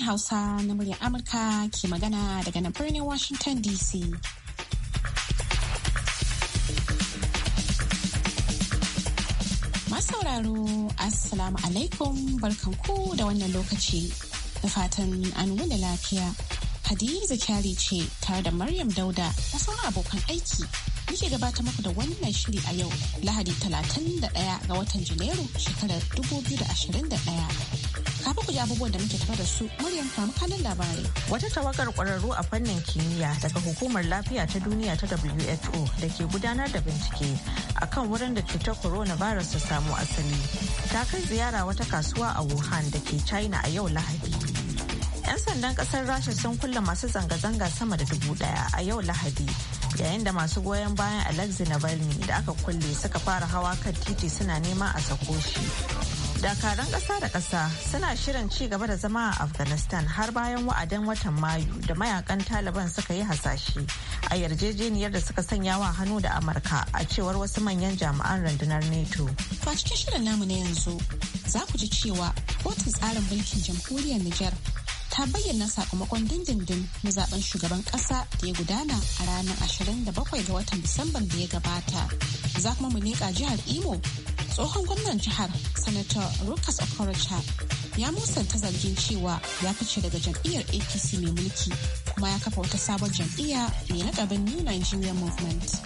sashen Hausa na muryar Amurka ke magana daga na birnin Washington DC. sauraro Assalamu alaikum barkanku da wannan lokaci. Da fatan an wuni lafiya. Hadiza kyari ce tare da Maryam Dauda da sauran abokan aiki muke gabata muku da wannan shiri a yau Lahadi 31 ga watan Janairu shekarar 2021. Kafin ku ji abubuwan da muke tafa da su, muryan samu kanin labarai. Wata tawagar kwararru a fannin kimiyya daga hukumar lafiya ta duniya ta WHO da ke gudanar da bincike akan wurin da cutar coronavirus ta samu asali. Ta kai ziyara wata kasuwa a Wuhan da ke China a yau Lahadi. 'Yan sandan kasar Rasha sun kulle masu zanga-zanga sama da dubu daya a yau Lahadi. yayin da masu goyon bayan alexi Navalny da aka kulle suka fara hawa kan titi suna nema a sako shi. dakaran ƙasa da ƙasa suna shirin ci gaba da zama a afghanistan har bayan wa'adin watan mayu da mayakan taliban suka yi hasashe a yarjejeniyar da suka sanya wa hannu da amurka a cewar wasu manyan jami'an rundunar nato to a cikin shirin namu na yanzu za ku ji cewa kotun tsarin mulkin jamhuriyar niger ta bayyana sakamakon dindindin na zaben shugaban kasa da ya gudana a ranar 27 ga watan disamban da ya gabata za kuma mu neƙa jihar imo tsohon gwamnan jihar sanatar lucas okorocha ya musanta zargin cewa ya fice daga jam'iyyar apc mai mulki kuma ya kafa wata sabon jam'iyya mai lakabin new nigeria movement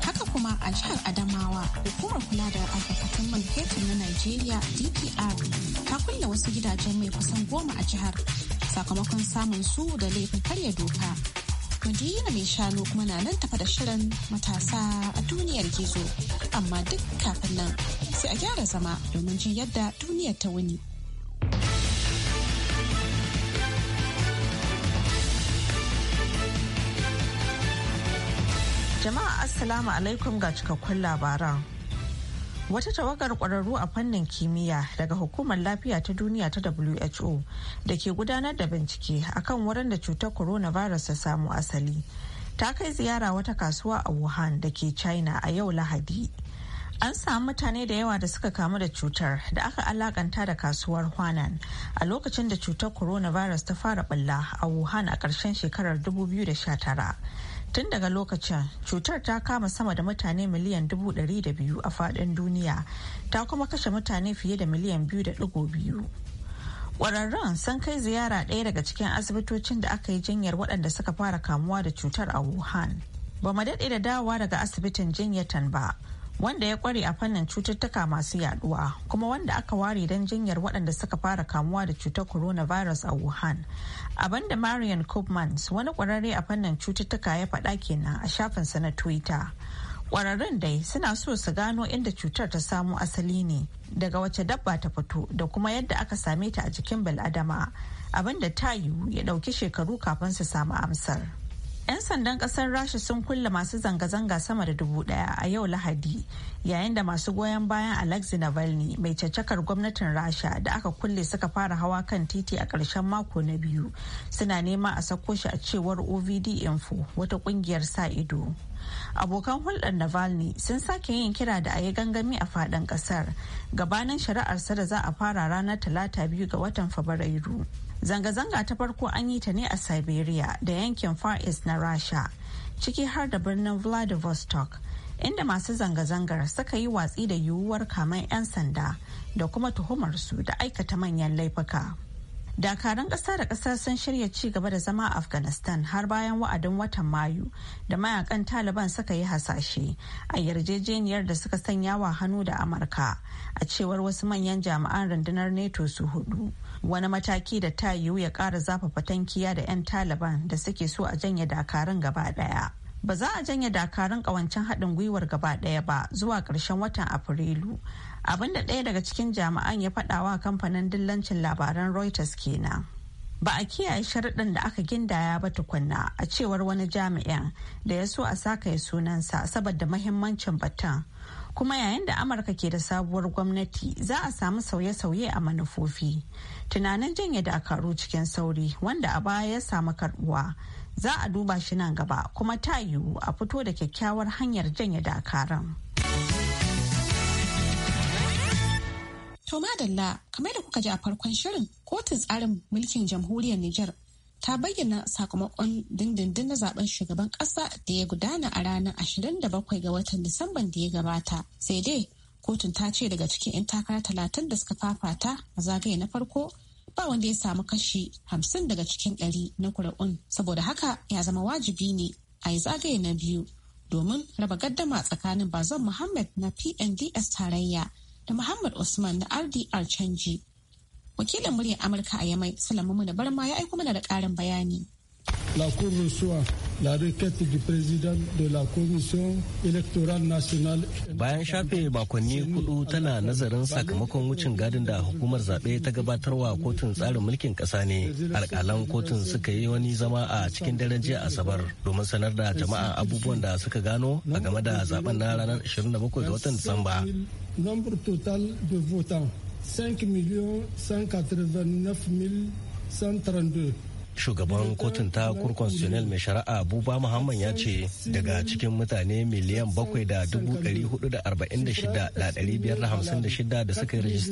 haka kuma a jihar Adamawa hukumar kula da albarkatun manhattan na nigeria DPR ta kulle wasu gidajen mai kusan goma a jihar sakamakon samun su da laifin karya doka. na mai shanu kuma na nan tafa da shirin matasa a duniyar gizo. Amma duk kafin nan sai a gyara zama domin jin yadda duniyar ta wuni. Jama'a Assalamu alaikum ga cikakkun labaran. wata tawagar ƙwararru a fannin kimiyya daga hukumar lafiya ta duniya ta who da ke gudanar da bincike akan wurin da cutar coronavirus ta samu asali ta kai ziyara wata kasuwa a wuhan da ke china a yau lahadi an samu mutane da yawa da suka kamu da cutar da aka alakanta da kasuwar hwanan a lokacin da cutar coronavirus ta fara balla a wuhan a ƙarshen shekarar 2019 tun daga lokacin cutar ta kama sama da mutane miliyan dubu ɗari da biyu a faɗin duniya ta kuma kashe mutane fiye da miliyan biyu da ɗigo biyu kwararren sun kai ziyara ɗaya daga cikin asibitocin da aka yi jinyar waɗanda suka fara kamuwa da cutar a wuhan ba mu daɗe da dawowa daga asibitin jinyatan ba wanda ya kware a fannin cututtuka masu yaduwa kuma wanda aka ware don jinyar waɗanda suka fara kamuwa da cutar coronavirus a wuhan abinda marion koopmans wani kwararre a fannin cututtuka ya faɗa kenan a shafinsa na twitter kwararrun dai suna so su gano inda cutar ta samu asali ne daga wace dabba ta fito da kuma yadda aka same ta a jikin bil'adama abinda ta yiwu ya ɗauki shekaru kafin su samu amsar. 'Yan sandan kasar Rasha sun kulle masu zanga-zanga sama da dubu daya a yau Lahadi yayin da masu goyon bayan Alexei Navalny mai caccakar gwamnatin Rasha da aka kulle suka fara hawa kan titi a ƙarshen mako na biyu suna nema a sako shi a cewar OVD Info wata ƙungiyar sa ido. Abokan hulɗar Navalny sun sake yin kira da a yi gangami a faɗin ƙasar gabanin shari'arsa da za a fara ranar talata biyu ga watan Fabrairu. Zanga-zanga ta farko an yi ta ne a Siberia da yankin Far East na Rasha, ciki har da birnin Vladivostok, inda masu zanga-zangar suka yi watsi da yiwuwar kamar 'yan sanda da kuma tuhumarsu da aikata manyan laifuka. Dakaran ƙasa da ƙasa sun shirya ci gaba da zama a Afghanistan har bayan wa'adin watan Mayu da mayakan Taliban suka yi hasashe a yarjejeniyar da suka sanya wa hannu da Amurka a cewar wasu manyan jami'an rundunar NATO su hudu. wani mataki da ta yiwu ya kara zafafa tankiya da 'yan taliban da suke so a janye dakarun gaba daya. ba za a janye dakarun kawancin haɗin gwiwar gaba daya ba zuwa ƙarshen watan afrilu abinda ɗaya daga cikin jami'an ya faɗawa kamfanin dillancin labaran reuters kenan ba a kiyaye sharaɗin da aka gindaya ba tukunna a cewar wani jami'in da ya so a sakaya sunansa saboda mahimmancin batun kuma yayin da amurka ke da sabuwar gwamnati za a samu sauye-sauye a manufofi tunanin janye dakaru cikin sauri wanda a baya ya samu karbuwa za a duba shi nan gaba kuma ta yiwu a fito da kyakkyawar hanyar janye dakaran to madalla kamar da kuka ji a farkon shirin kotun tsarin mulkin jamhuriyar nijar ta bayyana sakamakon dindindin na zaben shugaban kasa da ya gudana a ranar 27 ga watan Disamban da ya gabata. Sai dai kotun ta ce daga cikin 'yan takara talatin da suka fafata a zagaye na farko ba wanda ya samu kashi 50 daga cikin 100 na kuri'un saboda haka ya zama wajibi ne a yi zagaye na biyu domin raba gaddama tsakanin bazan Muhammad na PNDS tarayya da Muhammad Usman na RDR canji wakilin muryar amurka a yamai salamu da barma ya aiko mana da karin bayani la commission, la requête du président de la Commission électorale nationale. Bayan shafe makonni hudu tana nazarin sakamakon wucin gadin da hukumar zaɓe ta gabatarwa kotun tsarin mulkin ƙasa ne. Alƙalan kotun suka yi wani zama a cikin daren jiya Asabar domin sanar da jama'a abubuwan da suka gano a game da zaben na ranar 27 ga watan Disamba. Nombre total de votants 5 132 shugaban kotun ta kur constitutionnel mai shari'a buba muhammad ya ce daga cikin mutane miliyan bakwai da dubu dari hudu da arba'in da shida da dari biyar da hamsin da shida da suka yi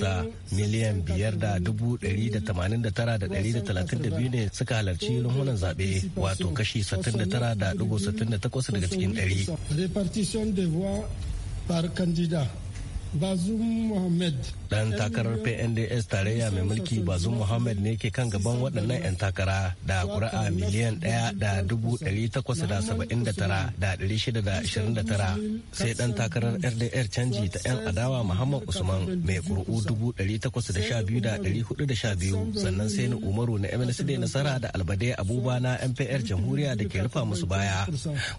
miliyan biyar da dubu dari da tamanin da tara da dari da talatin da biyu ne suka halarci runhunan zaɓe wato kashi sittin da tara da dubu sittin da takwas daga cikin dari. Repartition de voix par candidat Bazum Mohammed. Dan takarar PNDS tarayya mai mulki Bazum Mohammed ne ke kan gaban waɗannan 'yan takara da ƙuri'a miliyan ɗaya da dubu ɗari takwas da saba'in da tara da ɗari shida da ashirin da tara sai ɗan takarar RDR canji ta 'yan adawa Muhammad Usman mai ƙuri'u dubu ɗari takwas da sha biyu da ɗari hudu da sha biyu sannan sai ni Umaru na MNCD Nasara da Albade Abuba na MPR Jamhuriya da ke rufa musu baya.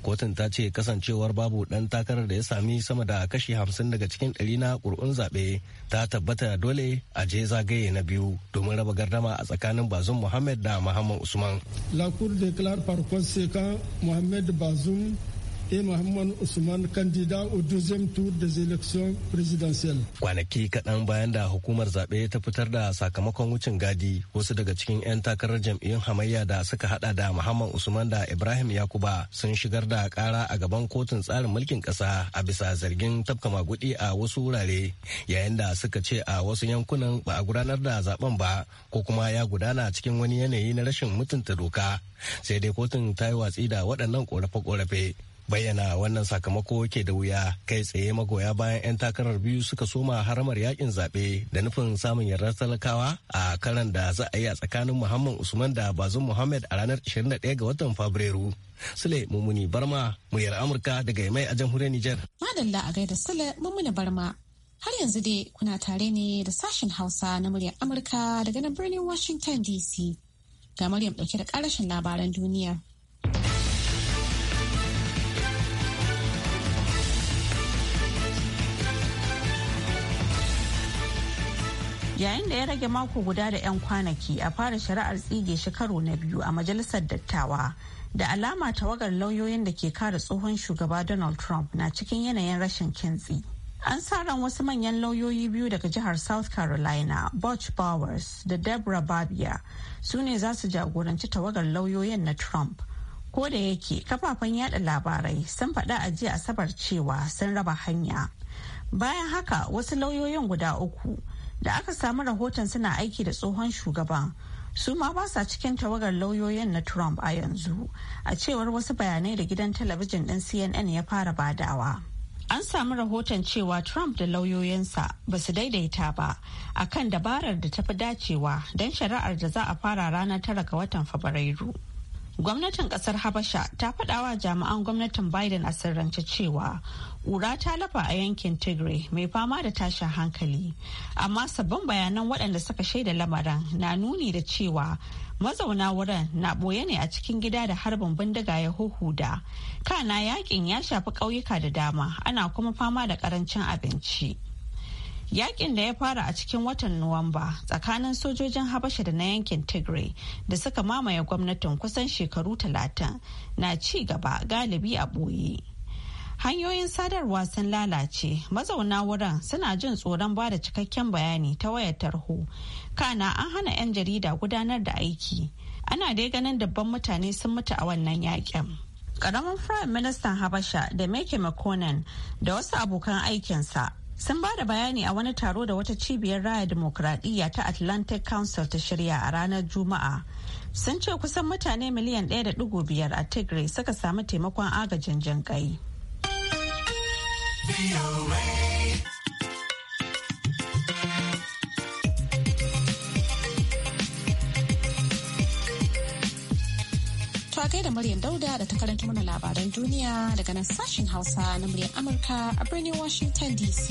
Kotun ta ce kasancewar babu ɗan takarar da ya sami sama da kashi hamsin daga cikin ɗari na na kur'un zaɓe ta tabbata dole a je zagaye na biyu domin raba gardama a tsakanin bazum muhammad da muhammad usman la cour déclare par conséquent muhammad bazum et Mohamed Ousmane, candidat au deuxième tour des élections présidentielles. Kwanaki kaɗan bayan da hukumar zaɓe ta fitar da sakamakon wucin gadi wasu daga cikin 'yan takarar jam'iyyun hamayya da suka haɗa da Muhammad Usman da Ibrahim Yakuba sun shigar da ƙara a gaban kotun tsarin mulkin ƙasa a bisa zargin tafka magudi a wasu wurare yayin da suka ce a wasu yankunan ba a gudanar da zaben ba ko kuma ya gudana cikin wani yanayi na rashin mutunta doka sai dai kotun ta yi watsi da waɗannan ƙorafe-ƙorafe. bayyana wannan sakamako ke da wuya kai tsaye magoya bayan 'yan takarar biyu suka soma haramar yakin zaɓe da nufin samun yardar talakawa a karan da za a yi a tsakanin muhammad usman da bazin muhammad a ranar 21 ga watan fabrairu sule mummuni barma muyar amurka daga mai a jamhuriyar niger madalla a gaida sule mummuni barma har yanzu dai kuna tare ne da sashen hausa na muryar amurka daga nan birnin washington dc ga maryam dauke da karashin labaran duniya yayin da ya rage mako guda da 'yan kwanaki a fara shari'ar tsige shi karo na biyu a majalisar dattawa da alama tawagar lauyoyin da ke kare tsohon shugaba donald trump na cikin yanayin rashin kintsi an sa ran wasu manyan lauyoyi biyu daga jihar south carolina butch bowers da deborah babia su ne za su jagoranci tawagar lauyoyin na trump ko da yake kafafen yada labarai sun faɗa a jiya asabar cewa sun raba hanya bayan haka wasu lauyoyin guda uku da aka samu rahoton suna aiki da tsohon shugaban su ma ba sa cikin tawagar lauyoyin na trump a yanzu a cewar wasu bayanai da gidan talabijin din cnn ya fara badawa an samu rahoton cewa trump da lauyoyinsa ba su daidaita ba a kan dabarar da ta fi dacewa don shari'ar da za a fara ranar tara ga watan fabrairu gwamnatin kasar habasha ta faɗawa jami'an gwamnatin biden a sirrance cewa ƙura ta lafa a yankin tigray mai fama da tashin hankali amma sabbin bayanan waɗanda suka shaida lamarin na nuni da cewa mazauna wurin na ɓoye ne a cikin gida da harbin bindiga ya huhuda kana yakin ya shafi ƙauyuka da dama ana kuma fama da ƙarancin abinci Yakin da ya fara a cikin watan Nuwamba tsakanin sojojin Habasha da na yankin Tigray da suka mamaye gwamnatin kusan shekaru talatin na ci gaba galibi a ɓoye. Hanyoyin sadarwa sun lalace, mazauna wurin suna jin tsoron ba da cikakken bayani ta wayar tarho. Kana an hana 'yan jarida gudanar da aiki. Ana dai ganin dabban mutane sun mutu a wannan yakin. Karamin Firayim Ministan Habasha da Meke McConan da wasu abokan aikinsa sun ba da bayani a wani taro da wata cibiyar raya demokradiyya ta atlantic council ta shirya a ranar juma'a sun ce kusan mutane miliyan 1.5 a tigray suka samu taimakon agajin jinƙai. kai da Maryam Dauda da ta karanta mana labaran duniya daga nan sashen Hausa na muryar Amurka a birnin Washington DC.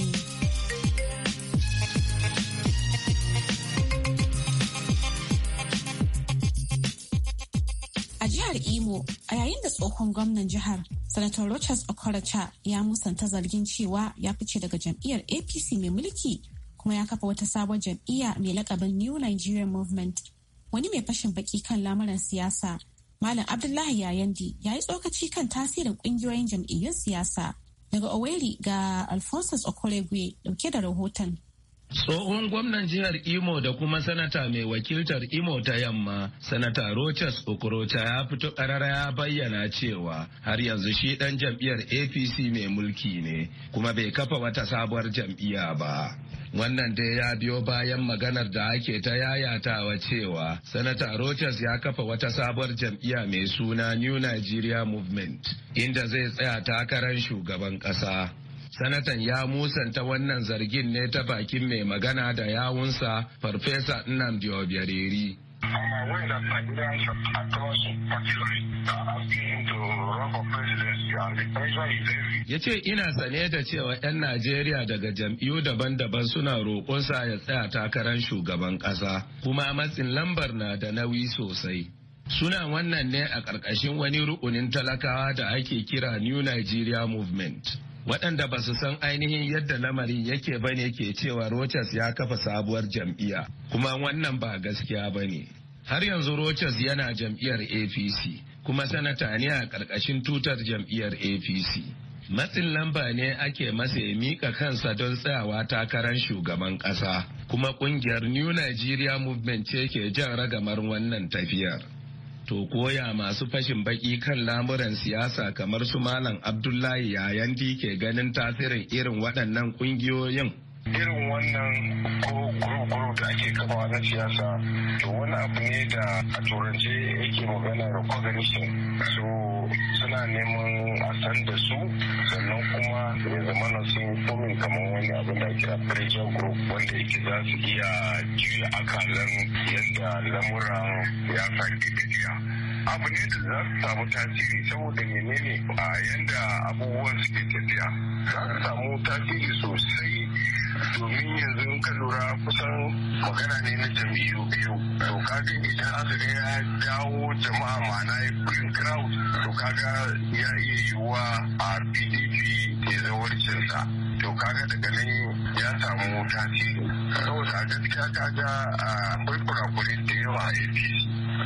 A jihar Imo, a yayin da tsohon gwamnan jihar, Sanatar Rochas Okoracha ya musanta zargin cewa ya fice daga jam'iyyar APC mai mulki kuma ya kafa wata sabon jam'iyya mai lakabin New Nigerian Movement. Wani mai fashin baki kan lamuran siyasa Malam Abdullahi Yayandi ya yi tsokaci kan tasirin ƙungiyoyin jam'iyyun siyasa. Daga Oweri ga Alphonsus Okoregwe dauke da rahoton Tsohon gwamnan jihar Imo da kuma sanata mai wakiltar Imo ta yamma, sanata Rochas Okorocha ya fito karara ya bayyana cewa har yanzu shi dan jam'iyyar APC mai mulki ne, kuma bai kafa wata sabuwar jam'iyya ba. Wannan dai ya biyo bayan maganar da ake ta yayatawa cewa Sanata Rochas ya kafa wata sabuwar jam'iyya mai suna New Nigeria Movement, inda zai tsaya takarar shugaban ƙasa. sanatan ya musanta wannan zargin ne ta bakin mai magana da yawunsa farfesa nnamdi obiariri uh, ya ce ina sane da cewa 'yan najeriya daga jam'iyyu daban-daban suna roƙonsa ya tsaya takarar shugaban ƙasa kuma matsin lambar na da nauyi sosai suna wannan ne a ƙarƙashin wani rukunin talakawa da ake kira new nigeria movement waɗanda ba su san ainihin yadda lamarin yake ba ne ke cewa Rochas ya kafa sabuwar jam'iyya kuma wannan ba gaskiya ba ne. Har yanzu Rochas yana jam'iyyar APC kuma sanata ne a ƙarƙashin tutar jam'iyyar APC. Matsin lamba ne ake masa ya mika kansa don tsayawa takarar shugaban ƙasa kuma ƙungiyar New Nigeria Movement ce ke jan ragamar wannan tafiyar. To koya masu fashin baki kan lamuran siyasa kamar su Malam Abdullahi yayan ke ganin tasirin irin waɗannan ƙungiyoyin. Irin wannan guru-guru da ake kafa na siyasa, to wani abu ne da a turance yake magana recognition. su. suna neman a san da su sannan kuma ya zama na sun fomin kamar wani abin da kira pressure group wanda yake za su iya juya akalan yadda lamuran ya sake gajiya abu ne da za su samu tasiri saboda menene a yanda abubuwan suke tafiya za su samu tasiri sosai domin yanzu ka lura magana ne na jam'iyyu biyu to kaga idan aka ga ya dawo jama'a ma'ana ya green crowd to kaga ya iya yiwuwa a pdp ya zawarcinsa to kaga daga nan ya samu tasiri saboda a gaskiya kaga akwai kurakurai da yawa a apc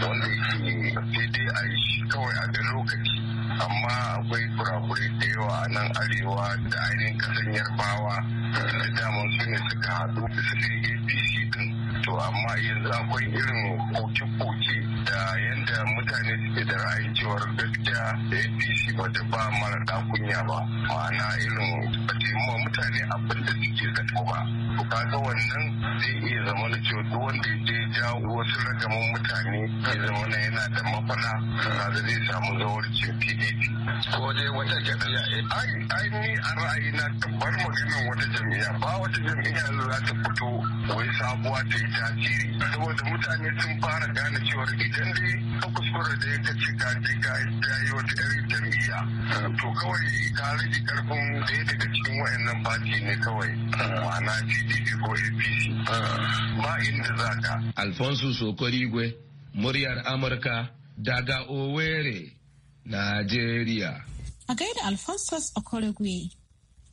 wanda yake sai dai a yi kawai a da lokaci amma akwai kurakurai da yawa a nan arewa da ainihin kasan yarbawa da daman su ne suka haɗu da yi to amma yanzu akwai irin koke-koke da yadda mutane suke da ra'ayin cewar gaskiya apc ba ta ba mara kunya ba ma'ana irin ba mutane abin da suke zato ba to kaga wannan zai iya zama da cewa duk wanda ya ja wasu ragaman mutane ya zama na yana da mafana kaga zai samu cin pdp ko dai wata jami'a eh? ai ai ni a na tabbar maganin wata jami'a ba wata jami'a za ta fito wai sabuwa ta yi tasiri saboda mutane sun fara gane cewar ita gani kuskure kuskura da ya ce ka je ka yi wata irin jam'iyya to kawai ka rage karfin ɗaya daga cikin wayannan fati ne kawai ma'ana pdp ko apc ba inda za ka. alfonso sokorigwe muryar amurka daga owerri nigeria. a gaida alphonsus okorigwe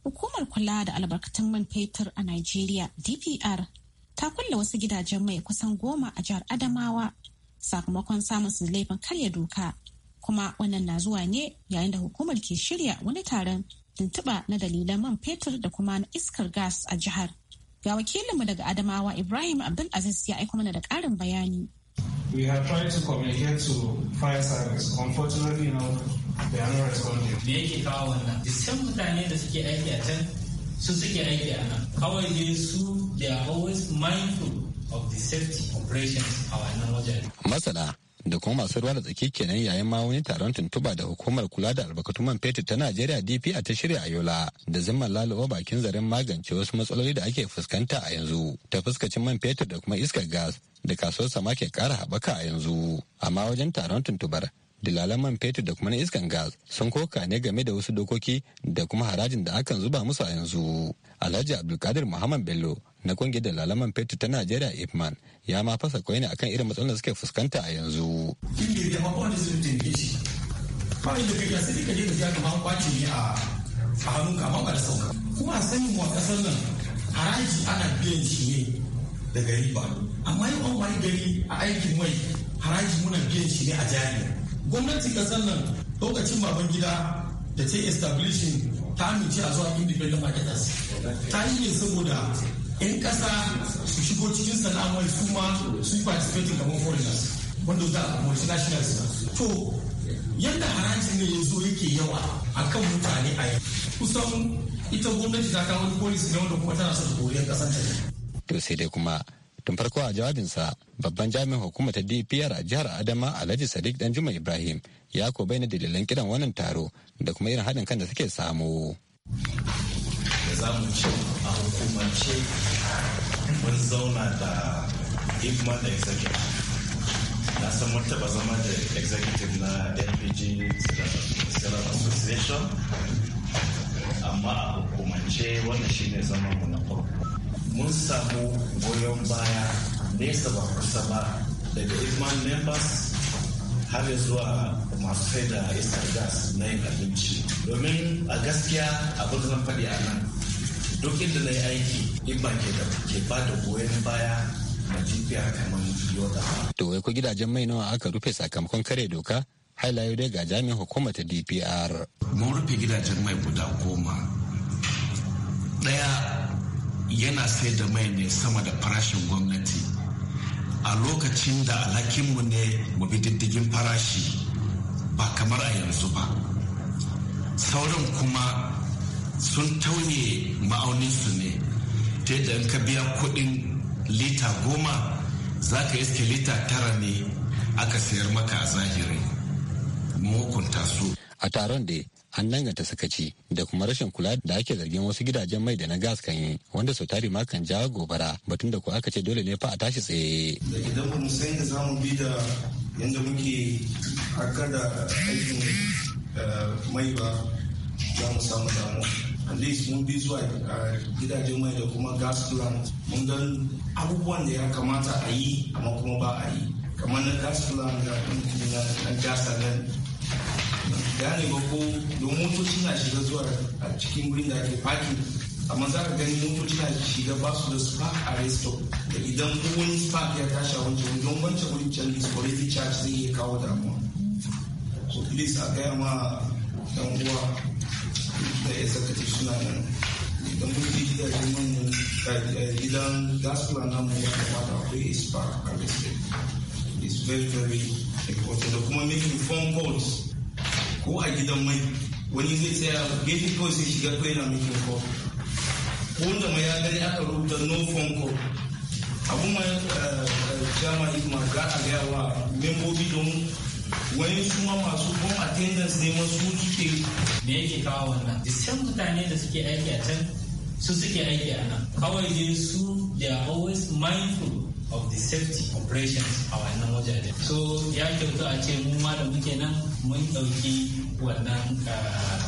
hukumar kula da albarkatun man fetur a nigeria dpr ta kulle wasu gidajen mai kusan goma a jihar Adamawa sakamakon samun su laifin karya doka kuma wannan na zuwa ne yayin da hukumar ke shirya wani taron tuntuɓa na dalilan man fetur da kuma na iskar gas a jihar ga wakilinmu daga adamawa ibrahim abdulaziz ya aiko mana da ƙarin bayani We have tried to communicate to fire service. Unfortunately, you know, they are not responding. Me yake kawo wannan? Diskan mutane da suke aiki a can su suke aiki a nan. Kawai dai su they are always mindful Masana da kuma masu ruwa da tsaki kenan yayin ma wani taron tuntuba da hukumar kula da albarkatun man fetur ta Najeriya a ta shirya a Yola da zimman laluwa bakin zaren magance wasu matsaloli da ake fuskanta a yanzu ta fuskacin man fetur da kuma iskar gas da kasuwar sama ke kara haɓaka a yanzu amma wajen taron tuntubar dilalan man fetur da kuma na iskar gas sun koka ne game da wasu dokoki da kuma harajin da akan zuba musu a yanzu. Alhaji Abdulkadir Muhammad Bello na kungiyar da lalaman fetur ta najeriya ipman ya ma fasa kwai ne akan irin matsalar da suke fuskanta a yanzu ba inda kai ya sani ka je ka ja kamar kwace ne a hannun ka amma ba da sauka kuma a mu a kasar nan haraji ana biyan shi ne daga riba amma yau an wani gari a aikin mai haraji muna biyan shi ne a jari gwamnati kasar nan lokacin baban gida da ta establishing ta amince a zuwa independent marketers ta yi ne saboda 'yan ƙasa su shigo cikin sana'amai su ma su participate kamar foreigners wanda za a multinationals to yadda haraji ne ya zo yake yawa a kan mutane a yau kusan ita gwamnati ta kawo policy ne wanda kuma tana son koriyar ƙasar ta to sai dai kuma tun farko a jawabinsa babban jami'in hukumar ta dpr a jihar adama alhaji sadiq dan juma ibrahim ya ko bayyana dalilan kiran wannan taro da kuma irin haɗin kan da suke samu za mu ce a hukumance mun zauna da igman da executive na san mun taba zama da executive na fpg syllabus association amma a hukumance wannan shine zama mu na farko mun samu goyon baya nesa ba kusa ba daga igman members har zuwa masu sai da isar gas na yin abinci domin a gaskiya abin da zan faɗi a nan duk inda na yi aiki iba ke da ke ba da goyon baya na jibiya kamar yoda. To wai ko gidajen mai nawa aka rufe sakamakon kare doka? Hailayo dai ga jami'in hukumar ta DPR. Mun rufe gidajen mai guda goma. daya yana sai da mai ne sama da farashin gwamnati. A lokacin da alhakinmu ne mu bi diddigin farashi ba kamar a yanzu ba. Sauran kuma sun tauye ma'auninsu ne ta yadda ka biya kuɗin lita goma za ka iske lita tara ne aka sayar maka a zahiri mahukunta su a taron da an ta sakaci da kuma rashin kula da ake zargin wasu gidajen mai da na gas kan yi wanda sau tari ma kan jawo gobara batun da ko aka ce dole ne fa a tashi tsaye. da idan ba mu san za da yadda muke haka da aikin eh, mai ba za mu samu damu at least mun bi zuwa gidajen mai da kuma gas plant mun ga abubuwan da ya kamata a yi amma kuma ba a yi kamar na gas plant da na gas nan ne ba ko don motoci na shiga zuwa a cikin wurin da ake parking amma za ka gani motoci na shiga ba su da spark resto da idan wani spark ya tashi a wancan don wancan wurin can is already charge zai iya kawo damuwa so please a gaya ma dan uwa da ya sakaci suna nan idan mun ji gidajen mu gidan diaspora namu ya kamata akwai spark a gaske very very important da kuma making phone calls ko a gidan mai wani zai tsaya gefe kawai sai shiga kawai na making call ko wanda mai ya gani aka rubuta no phone call abun ma jama'a eh, eh, hikima za a gaya wa membobi don wani suma masu home attendance ne masu suke me yake kawo wannan san mutane da suke aiki a can su suke aiki a nan kawai dai su they are always mindful of the safety operations a wannan wajen so ya kyautu a ce mu ma da muke nan mun ɗauki wannan ah,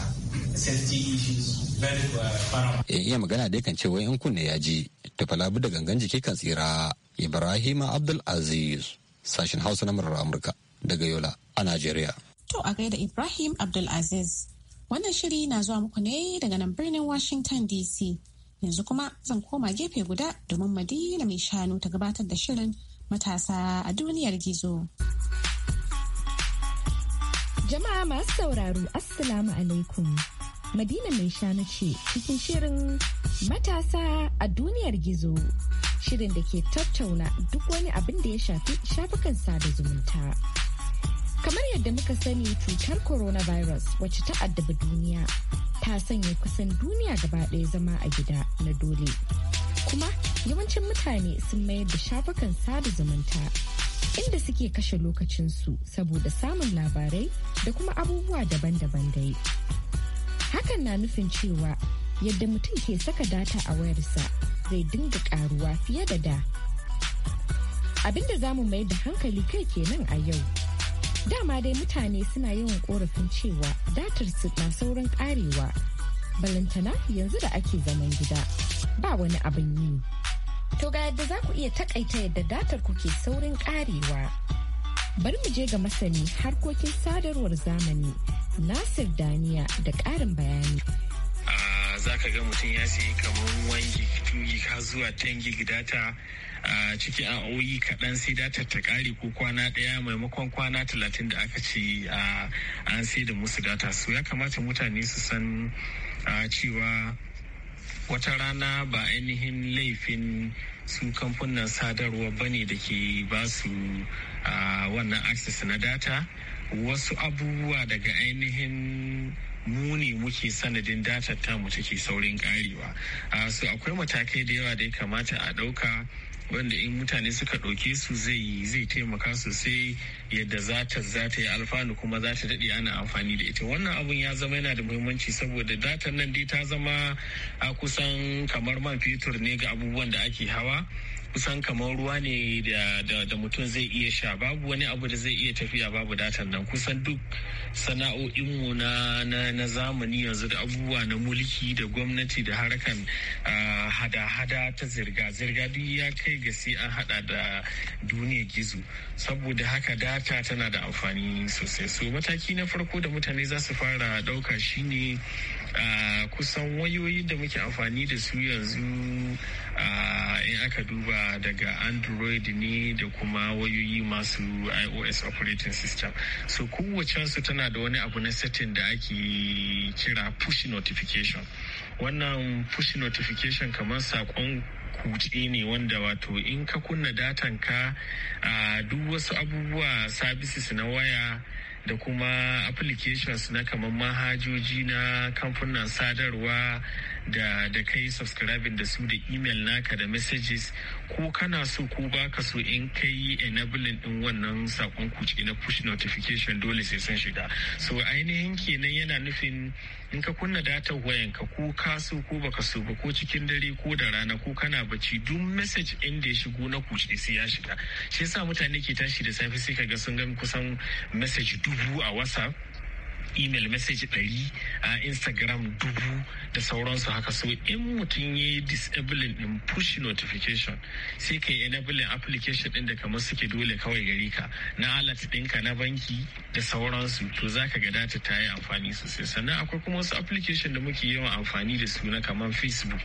safety issues very ah, paramount. Eh, iya magana dai kan ce wai in kunne ya ji da falabu da gangan jiki kan tsira ibrahima abdulaziz sashen hausa na murar amurka daga Yola a Najeriya. To a gaida Ibrahim Abdulaziz. Wannan shiri na zuwa muku ne daga nan birnin Washington DC. Yanzu kuma zan koma gefe guda domin Madina mai shanu ta gabatar da shirin matasa a duniyar gizo. Jama'a masu sauraro Assalamu alaikum. Madina mai shanu ce cikin shirin matasa a duniyar gizo. Shirin da ke tattauna duk wani abin da ya shafi shafukan sada zumunta. Kamar yadda muka sani cutar coronavirus wacce ta addaba duniya ta sanya kusan duniya gaba ɗaya zama a gida na dole. Kuma yawancin mutane sun mayar da shafukan sada zumunta inda suke kashe lokacinsu saboda samun labarai da kuma abubuwa daban-daban dai. Hakan na nufin cewa yadda mutum ke saka data a wayarsa zai dinga karuwa fiye da da. Abinda za mu mai da hankali kai kenan a yau. dama dai mutane suna yawan korafin cewa datar su na saurin karewa balantana yanzu da ake zaman gida ba wani abin yi to ga yadda za ku iya takaita yadda datar ku ke saurin karewa bari mu je ga masani harkokin sadarwar zamani nasir daniya da ƙarin bayani ah, za ka ga mutum ya sayi kamar wangi 2 ka zuwa tangi gig data a ciki a oyi kaɗan sai data ta ƙare ko kwana ɗaya maimakon kwana talatin da aka ce an sai da musu data su ya kamata mutane su san cewa wata rana ba ainihin laifin su kamfanin sadarwa ba ne da ke ba su wannan access na data wasu abubuwa daga ainihin muni muke sanadin datar tamu take saurin karewa su akwai matakai da yawa da ya kamata a ɗauka wanda in mutane suka ɗauke su zai zai taimaka sosai yadda za ta za ta yi alfanu kuma za ta daɗe ana amfani da ita wannan abun ya zama yana da muhimmanci saboda datar nan dai ta zama a kusan kamar man fetur ne ga abubuwan da ake hawa kusan kamar ruwa ne da mutum zai iya sha babu wani abu da zai iya tafiya babu datan nan kusan duk sana'o'inmu na, na, zamani yanzu da abubuwa na mulki da gwamnati da harkan hada-hada ta zirga-zirga duk ya kai ga sai an hada da duniya gizo saboda haka data tana da amfani sosai so mataki na farko da mutane za su fara dauka shine kusan wayoyi da muke amfani da su yanzu in aka duba sa daga android ne da kuma wayoyi masu ios operating system so kowacensu tana da wani abu na setting da ake kira push notification wannan push notification kamar saƙon kuce ne wanda wato in ka kunna datan ka a duk wasu abubuwa services na waya da kuma applications na kamar manhajoji na kamfunan sadarwa da da kai subscribing da su da email naka da messages ko kana so ko baka so in kai enabling din wannan sakon kuce na push notification dole sai sun shiga so ainihin kenan yana nufin in ka kunna wayan wayanka ko ka so ko baka so ba ko cikin dare ko da rana ko kana bacci duk message in da ya shigo na kuce sai ya shiga shi yasa mutane ke tashi da safe sai ka ga sun ga kusan message dubu a whatsapp email message ɗari a instagram dubu da sauransu haka so in mutum ya yi disabling din push notification sai ka yi enabling application ɗin da kamar suke dole kawai gari ka na alert ɗinka na banki da sauransu to za ka ga data ta yi amfani sosai sannan akwai kuma wasu application da muke yawan amfani da su na kamar facebook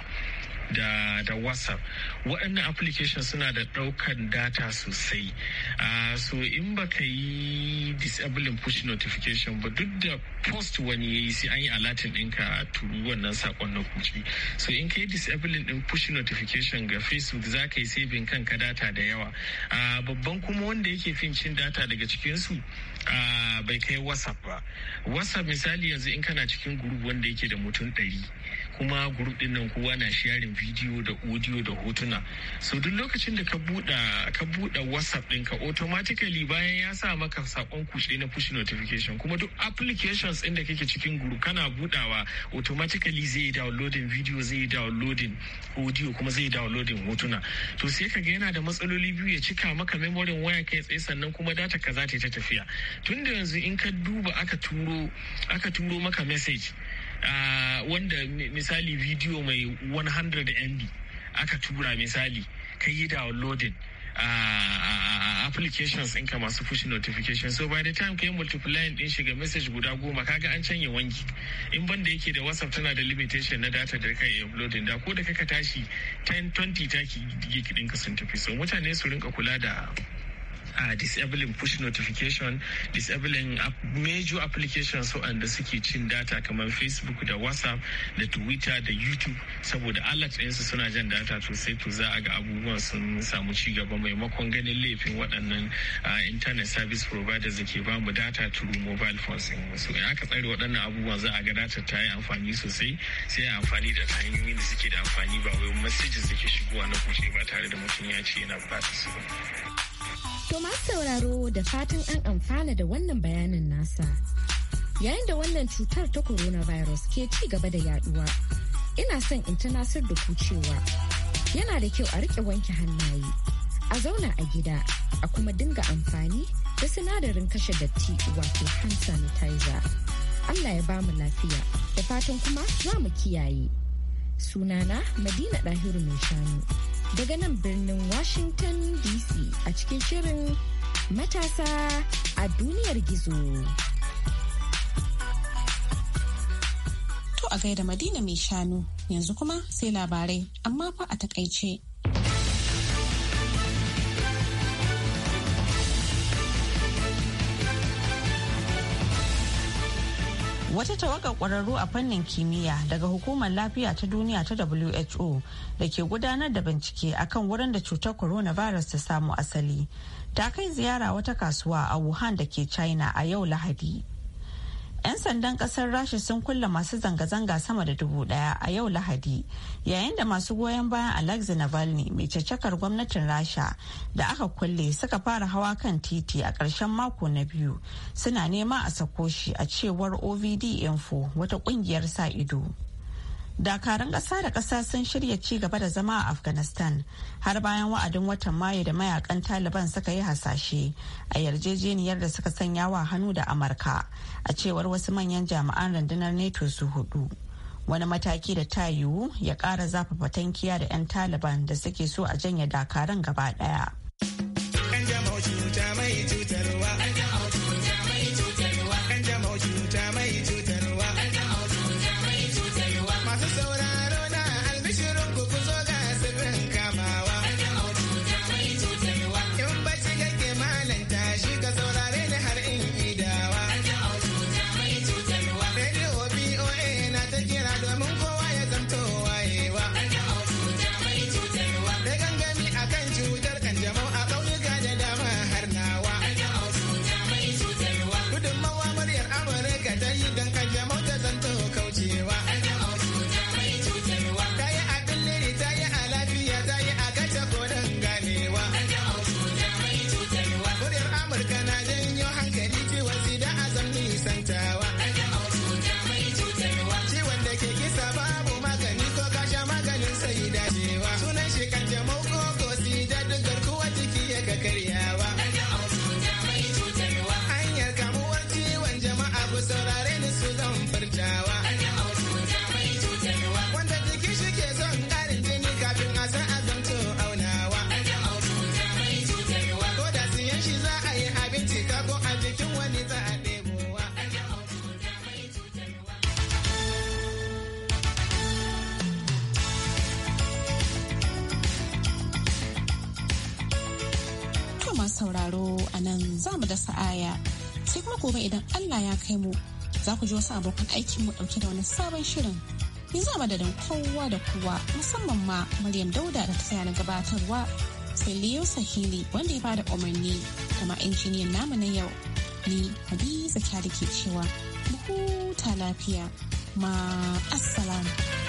da, da whatsapp waɗannan application suna da ɗaukan data sosai uh, so in ba ka yi disabling push notification ba duk da post wani ya yi sai an yi alatin ɗinka a turu wannan sakon na kuci so in ka yi disabling ɗin push notification ga facebook za ka yi saving kanka data da yawa uh, babban kuma wanda yake fin cin data daga cikinsu uh, bai kai whatsapp ba whatsapp misali yanzu in kana cikin gurup wanda yake da mutum ɗari kuma group din nan kowa na sharing video da audio da hotuna so duk lokacin da ka buɗa ka buɗa whatsapp ɗinka automatically bayan ya sa maka sakon kushe na push notification kuma duk applications ɗin da kake cikin group kana buɗawa automatically zai downloading video zai downloading audio kuma zai downloading hotuna to sai ka ga yana da matsaloli biyu ya cika maka memory waya kai tsaye sannan kuma data ka za ta tafiya tunda yanzu in ka duba aka turo aka turo maka message Ah, wanda misali video mai 100 mb aka tura misali ka yi downloading uh, applications ɗinka masu push notification so by the time ka yi ɗin shiga message guda goma kaga an canye wanki in banda yake da whatsapp tana da limitation na data da kai uploading da ko da kaka tashi 10 20 taki gig ɗinka sun tafi so mutane su rinka kula da uh, disabling push notification disabling ap major applications waɗanda suke cin data kamar facebook da whatsapp da twitter da youtube saboda alert ɗinsu suna jan data to sai to za a ga abubuwan sun samu ci gaba maimakon ganin laifin waɗannan internet service providers da ke ba mu data through mobile phones so in aka tsare waɗannan abubuwan za a ga data ta yi amfani sosai sai a amfani da hanyoyin da suke da amfani ba wai messages da ke shigowa na kuce ba tare da mutum ya ce yana bukatar su ba. To masu sauraro da fatan an amfana da wannan bayanin nasa. Yayin da wannan cutar ta coronavirus ke ci gaba da yaduwa, ina son in ta nasir da ku cewa yana da kyau a rike wanke hannaye, a zauna a gida, a kuma dinga amfani da sinadarin kashe datti wato hand sanitizer. Allah ya bamu lafiya, da fatan kuma za mu kiyaye. Sunana Madina Dahiru Mai Shanu. daga nan birnin Washington DC a cikin shirin matasa a duniyar gizo. To a gaida Madina mai shanu yanzu kuma sai labarai amma fa a takaice. Wata tawaga ƙwararru a fannin kimiyya daga Hukumar Lafiya ta Duniya ta WHO da ke gudanar da bincike akan wurin da cutar coronavirus ta samu asali. Ta kai ziyara wata kasuwa a Wuhan da ke China a yau Lahadi. 'Yan sandan kasar Rasha sun kulle masu zanga-zanga sama da dubu daya a yau Lahadi, yayin da masu goyon bayan Alexei Navalny mai cecekar gwamnatin Rasha da aka kulle suka fara hawa kan titi a ƙarshen mako na biyu suna nema a sako shi a cewar OVD Info wata ƙungiyar sa ido. dakarun ƙasa da ƙasa sun shirya ci gaba da zama a afghanistan har bayan wa'adin watan mayu da mayakan taliban suka yi hasashe a yarjejeniyar da suka sanya wa hannu da amurka a cewar wasu manyan jami'an rundunar neto su hudu wani mataki da ta yiwu ya ƙara zafafa tankiya da 'yan taliban da suke so a janye dakarun gaba ɗaya. gobe idan Allah ya kai mu za ku ji wasu abokan aikin mu dauke da wani sabon shirin. Yanzu a madadin kowa da kowa musamman ma Maryam Dauda da ta saya na gabatarwa sai Leo Sahili wanda ya bada umarni da injiniyan namu na yau. Ni Hadiza Kyari ke cewa mu huta lafiya ma assalamu.